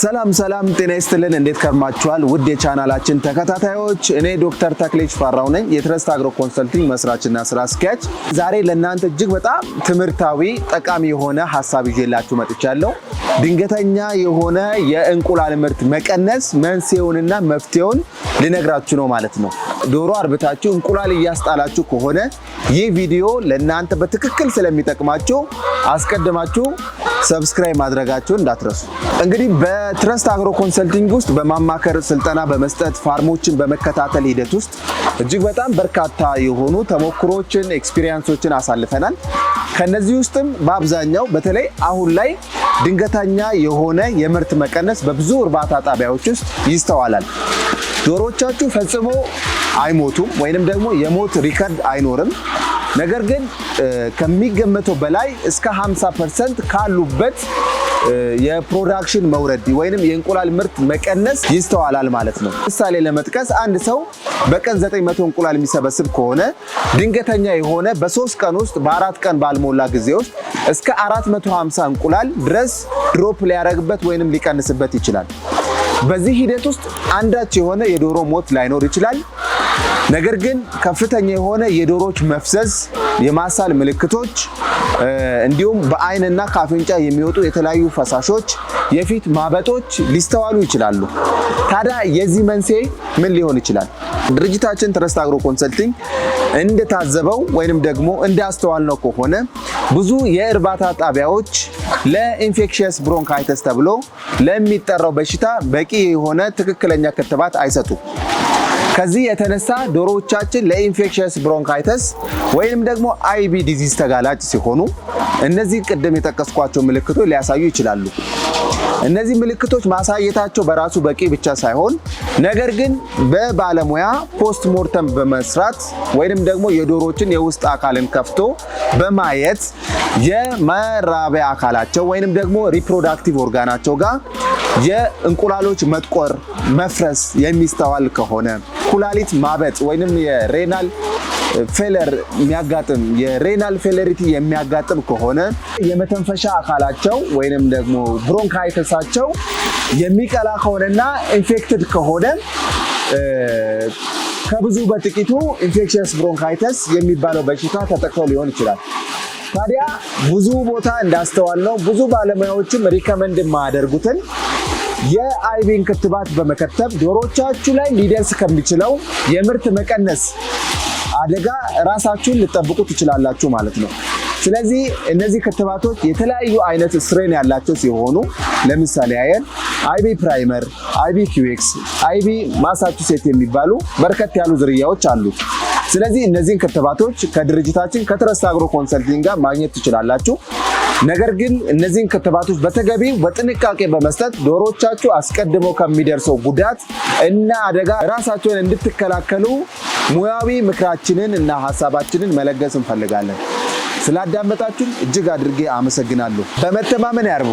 ሰላም ሰላም፣ ጤና ይስጥልን። እንዴት ከርማችኋል? ውድ የቻናላችን ተከታታዮች፣ እኔ ዶክተር ተክሌች ፋራው ነኝ የትረስት አግሮ ኮንሰልቲንግ መስራችና ስራ አስኪያጅ። ዛሬ ለእናንተ እጅግ በጣም ትምህርታዊ ጠቃሚ የሆነ ሀሳብ ይዤላችሁ መጥቻለሁ። ድንገተኛ የሆነ የእንቁላል ምርት መቀነስ መንስኤውንና መፍትሄውን ልነግራችሁ ነው ማለት ነው። ዶሮ አርብታችሁ እንቁላል እያስጣላችሁ ከሆነ ይህ ቪዲዮ ለእናንተ በትክክል ስለሚጠቅማችሁ አስቀድማችሁ ሰብስክራይብ ማድረጋቸውን እንዳትረሱ። እንግዲህ በትረስት አግሮ ኮንሰልቲንግ ውስጥ በማማከር ስልጠና በመስጠት ፋርሞችን በመከታተል ሂደት ውስጥ እጅግ በጣም በርካታ የሆኑ ተሞክሮችን ኤክስፒሪየንሶችን አሳልፈናል። ከነዚህ ውስጥም በአብዛኛው በተለይ አሁን ላይ ድንገተኛ የሆነ የምርት መቀነስ በብዙ እርባታ ጣቢያዎች ውስጥ ይስተዋላል። ዶሮዎቻችሁ ፈጽሞ አይሞቱም ወይንም ደግሞ የሞት ሪከርድ አይኖርም። ነገር ግን ከሚገመተው በላይ እስከ 50 ፐርሰንት ካሉበት የፕሮዳክሽን መውረድ ወይንም የእንቁላል ምርት መቀነስ ይስተዋላል ማለት ነው። ምሳሌ ለመጥቀስ አንድ ሰው በቀን 900 እንቁላል የሚሰበስብ ከሆነ ድንገተኛ የሆነ በሶስት ቀን ውስጥ በአራት ቀን ባልሞላ ጊዜ ውስጥ እስከ 450 እንቁላል ድረስ ድሮፕ ሊያደርግበት ወይንም ሊቀንስበት ይችላል። በዚህ ሂደት ውስጥ አንዳች የሆነ የዶሮ ሞት ላይኖር ይችላል። ነገር ግን ከፍተኛ የሆነ የዶሮች መፍሰስ፣ የማሳል ምልክቶች እንዲሁም በአይንና ከአፍንጫ የሚወጡ የተለያዩ ፈሳሾች፣ የፊት ማበጦች ሊስተዋሉ ይችላሉ። ታዲያ የዚህ መንስኤ ምን ሊሆን ይችላል? ድርጅታችን ትረስት አግሮ ኮንሰልቲንግ እንደታዘበው ወይንም ደግሞ እንዳስተዋልነው ከሆነ ብዙ የእርባታ ጣቢያዎች ለኢንፌክሽየስ ብሮንካይተስ ተብሎ ለሚጠራው በሽታ በቂ የሆነ ትክክለኛ ክትባት አይሰጡም። ከዚህ የተነሳ ዶሮዎቻችን ለኢንፌክሽስ ብሮንካይተስ ወይም ደግሞ አይቢ ዲዚዝ ተጋላጭ ሲሆኑ እነዚህ ቅድም የጠቀስኳቸው ምልክቶች ሊያሳዩ ይችላሉ። እነዚህ ምልክቶች ማሳየታቸው በራሱ በቂ ብቻ ሳይሆን ነገር ግን በባለሙያ ፖስት ሞርተም በመስራት ወይንም ደግሞ የዶሮችን የውስጥ አካልን ከፍቶ በማየት የመራቢያ አካላቸው ወይንም ደግሞ ሪፕሮዳክቲቭ ኦርጋናቸው ጋር የእንቁላሎች መጥቆር፣ መፍረስ የሚስተዋል ከሆነ ኩላሊት ማበጥ ወይንም የሬናል ፌለር የሚያጋጥም የሬናል ፌለሪቲ የሚያጋጥም ከሆነ የመተንፈሻ አካላቸው ወይንም ደግሞ ብሮንካይተሳቸው የሚቀላ ከሆነና ኢንፌክትድ ከሆነ ከብዙ በጥቂቱ ኢንፌክሽንስ ብሮንካይተስ የሚባለው በሽታ ተጠቅቶ ሊሆን ይችላል። ታዲያ ብዙ ቦታ እንዳስተዋል ነው ብዙ ባለሙያዎችም ሪከመንድ የማያደርጉትን የአይቪን ክትባት በመከተብ ዶሮቻችሁ ላይ ሊደርስ ከሚችለው የምርት መቀነስ አደጋ ራሳችሁን ልጠብቁ ትችላላችሁ ማለት ነው። ስለዚህ እነዚህ ክትባቶች የተለያዩ አይነት ስትሬን ያላቸው ሲሆኑ ለምሳሌ አየን አይቢ ፕራይመር፣ አይቢ ኪዩኤክስ፣ አይቢ ማሳቹሴት የሚባሉ በርከት ያሉ ዝርያዎች አሉት። ስለዚህ እነዚህን ክትባቶች ከድርጅታችን ከትረስት አግሮ ኮንሰልቲንግ ጋር ማግኘት ትችላላችሁ። ነገር ግን እነዚህን ክትባቶች በተገቢው በጥንቃቄ በመስጠት ዶሮቻችሁ አስቀድመው ከሚደርሰው ጉዳት እና አደጋ ራሳቸውን እንድትከላከሉ ሙያዊ ምክራችንን እና ሀሳባችንን መለገስ እንፈልጋለን። ስላዳመጣችሁን እጅግ አድርጌ አመሰግናለሁ። በመተማመን ያርቡ።